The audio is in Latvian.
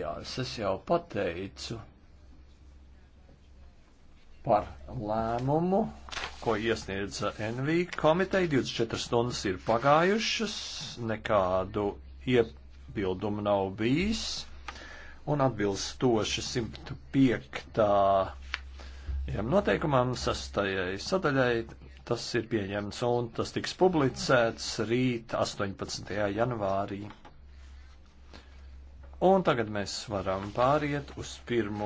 Jās, es jau pateicu par lēmumu, ko iesniedza NV komiteja. 24 stundas ir pagājušas, nekādu iebildumu nav bijis. Un atbilstoši 105. noteikumam, 6. sadaļai, tas ir pieņemts un tas tiks publicēts rīt 18. janvārī. Un tagad mēs varam pāriet uz pirmo.